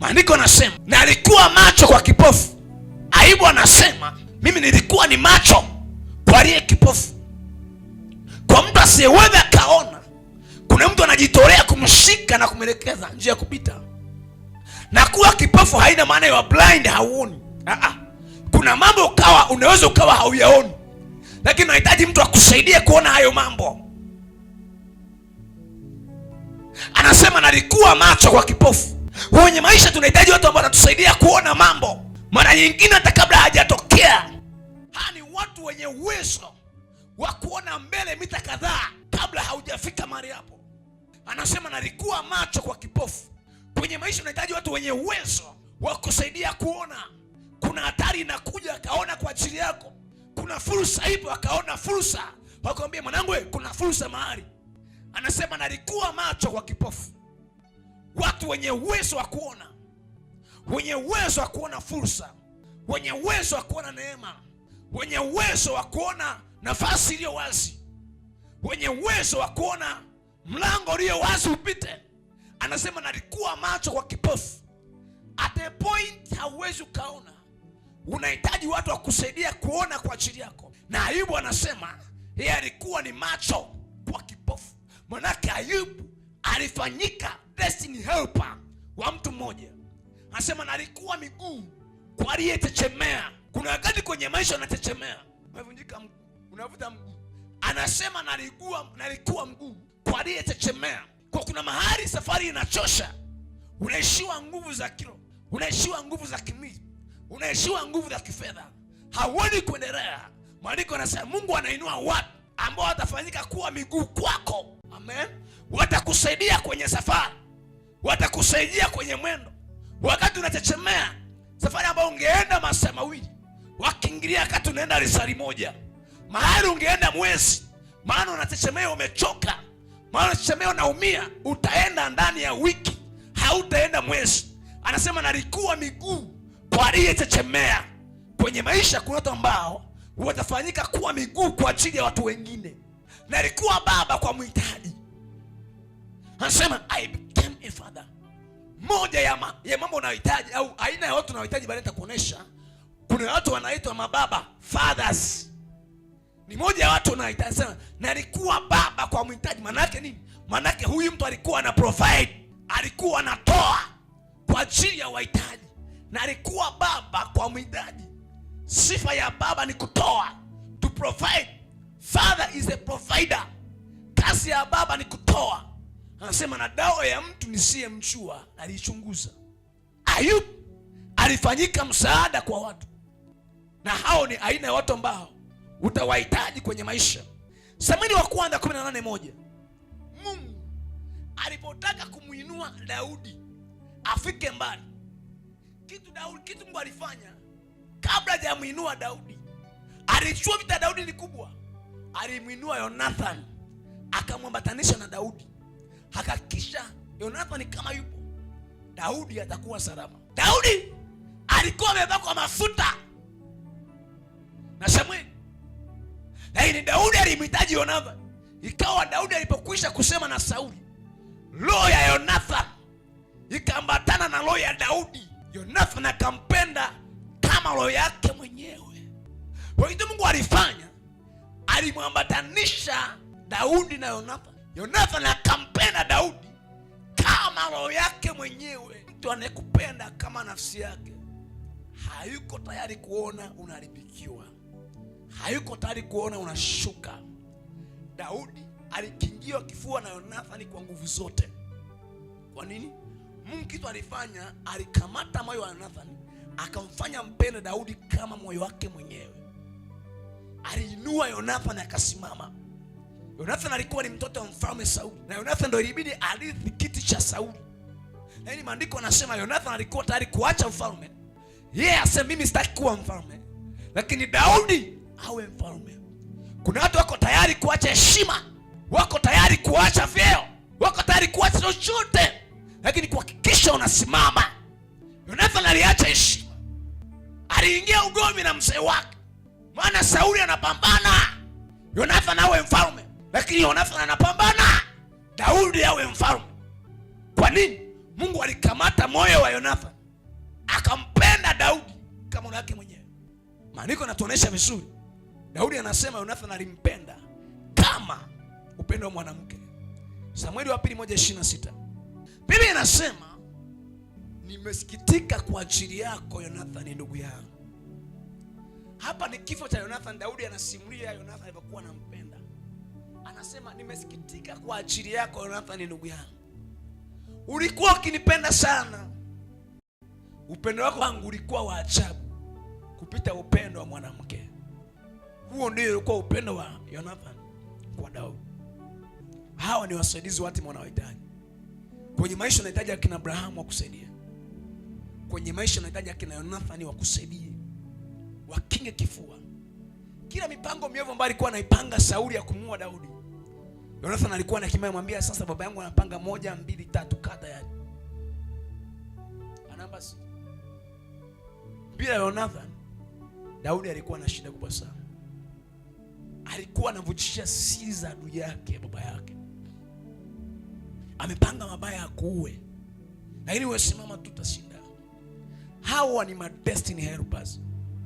Maandiko anasema na alikuwa macho kwa kipofu. Ayubu anasema mimi nilikuwa ni macho kwa aliye kipofu, kwa mtu asiyeweza akaona. Kuna mtu anajitolea kumshika na kumwelekeza njia ya kupita, na kuwa kipofu haina maana ya blind, hauoni. Kuna mambo ukawa unaweza ukawa hauyaoni, lakini unahitaji mtu akusaidie kuona hayo mambo. Anasema nalikuwa macho kwa kipofu kwenye maisha tunahitaji watu ambao watatusaidia kuona mambo, mara nyingine hata kabla hajatokea. Hawa ni watu wenye uwezo wa kuona mbele mita kadhaa kabla haujafika mahali hapo. Anasema nalikuwa macho kwa kipofu. Kwenye maisha unahitaji watu wenye uwezo wa kusaidia kuona. Kuna hatari inakuja, akaona kwa ajili yako. Kuna fursa ipo, akaona fursa, wakwambia mwanangu, kuna fursa mahali. Anasema nalikuwa macho kwa kipofu watu wenye uwezo wa kuona, wenye uwezo wa kuona fursa, wenye uwezo wa kuona neema, wenye uwezo wa kuona nafasi iliyo wazi, wenye uwezo wa kuona mlango ulio wazi upite. Anasema nalikuwa macho kwa kipofu. At a point hauwezi ukaona, unahitaji watu wa kusaidia kuona kwa ajili yako. Na Ayubu anasema yeye alikuwa ni macho kwa kipofu, manake Ayubu alifanyika destiny helper wa mtu mmoja, anasema nalikuwa miguu kwa aliyetechemea. Kuna wakati kwenye maisha anatechemea, unavunjika mguu, unavuta mguu. Anasema nalikuwa nalikuwa mguu kwa aliyetechemea, kwa kuna mahali safari inachosha, unaishiwa nguvu za kilo, unaishiwa nguvu za kimwili, unaishiwa nguvu za kifedha, hauoni kuendelea. Maandiko anasema Mungu anainua watu ambao watafanyika kuwa miguu kwako. Amen, watakusaidia kwenye safari watakusaidia kwenye mwendo. Wakati unachechemea safari ambayo ungeenda masaa mawili, wakiingilia kati, unaenda risari moja, mahali ungeenda mwezi, maana unachechemea umechoka, maana unachechemea unaumia, utaenda ndani ya wiki, hautaenda mwezi. Anasema nalikuwa miguu kwa aliyechechemea. Kwenye maisha kuna watu ambao watafanyika kuwa miguu kwa ajili ya watu wengine. Nalikuwa baba kwa mhitaji, anasema moja ya, ma, ya mambo unayohitaji au aina ya watu unayohitaji, baadaye nitakuonesha. Kuna watu wanaitwa mababa fathers, ni moja ya watu unayohitaji sana. Na alikuwa baba kwa mhitaji, yake nini? yake huyu mtu alikuwa ana provide, alikuwa anatoa kwa ajili ya wahitaji, na alikuwa baba kwa mhitaji. Sifa ya baba ni kutoa, to provide. Father is a provider. Kazi ya baba ni kutoa Anasema na dawa ya mtu nisiyemjua alichunguza. ayub alifanyika msaada kwa watu, na hao ni aina ya watu ambao utawahitaji kwenye maisha. Samweli wa kwanza moja Mungu alipotaka kumwinua Daudi afike mbali, kitu Daudi kitu Mungu alifanya kabla hajamwinua Daudi, alichua vita Daudi ni kubwa, alimwinua Yonathan akamwambatanisha na Daudi hakakisha Yonathani kama yupo, Daudi atakuwa salama. Daudi alikuwa amepakwa mafuta na Samueli, lakini Daudi alimhitaji Yonathani. Ikawa Daudi alipokwisha kusema na Sauli, roho ya Yonathani ikaambatana na roho ya Daudi. Yonathani akampenda kama roho yake mwenyewe. Kwa hiyo Mungu alifanya, alimwambatanisha Daudi na Yonathani. Yonathani akampenda Daudi kama roho yake mwenyewe. Mtu anayekupenda kama nafsi yake hayuko tayari kuona unaharibikiwa, hayuko tayari kuona unashuka. Daudi alikingiwa kifua na Yonathani kwa nguvu zote. Kwa nini? Mungu kitu alifanya, alikamata moyo wa Yonathani akamfanya mpende Daudi kama moyo wake mwenyewe. Aliinua Yonathani akasimama Yonathan alikuwa ni mtoto wa mfalme Sauli, na Yonathan ndio ilibidi arithi kiti cha Sauli. Yaani maandiko anasema Yonathan alikuwa tayari kuacha mfalme, yeye asema mimi sitaki kuwa mfalme, lakini Daudi awe mfalme. Kuna watu wako tayari kuacha heshima, wako tayari kuacha vyeo, wako tayari kuacha chochote, lakini kuhakikisha unasimama. Yonathan aliacha heshima, aliingia ugomvi na mzee wake, maana Sauli anapambana, Yonathan awe mfalme lakini Yonathani anapambana Daudi awe mfalme. Kwa nini? Mungu alikamata moyo wa Yonathani akampenda Daudi kama moyo wake mwenyewe. Maandiko yanatuonesha vizuri, Daudi anasema Yonathani alimpenda kama upendo wa mwanamke. Samueli wa pili moja ishirini na sita Biblia inasema nimesikitika kwa ajili yako Yonathani ndugu yangu. Hapa ni kifo cha Yonathani. Daudi anasimulia Yonathani alivyokuwa anampenda Anasema, nimesikitika kwa ajili yako Yonathani, ndugu yangu. Ulikuwa ukinipenda sana, upendo wako wangu ulikuwa wa ajabu kupita upendo wa mwanamke. Huo ndio ulikuwa upendo wa yonathan kwa Daudi. Hawa ni wasaidizi wati wanaohitaji kwenye maisha. Unahitaji akina Abrahamu wakusaidia kwenye maisha, unahitaji akina Yonathani wakusaidie, wakinge kifua kila mipango miovu ambayo alikuwa anaipanga Sauli ya kumuua Daudi yonathan alikuwa na kimaya mwambia, sasa baba yangu anapanga moja mbili tatu kata ya anambasi. Bila Yonathan, Daudi alikuwa na shida kubwa sana, alikuwa anavujisha siri za adui yake baba yake, amepanga mabaya akuue, lakini wewe simama, tutashinda. Hawa ni my destiny helpers.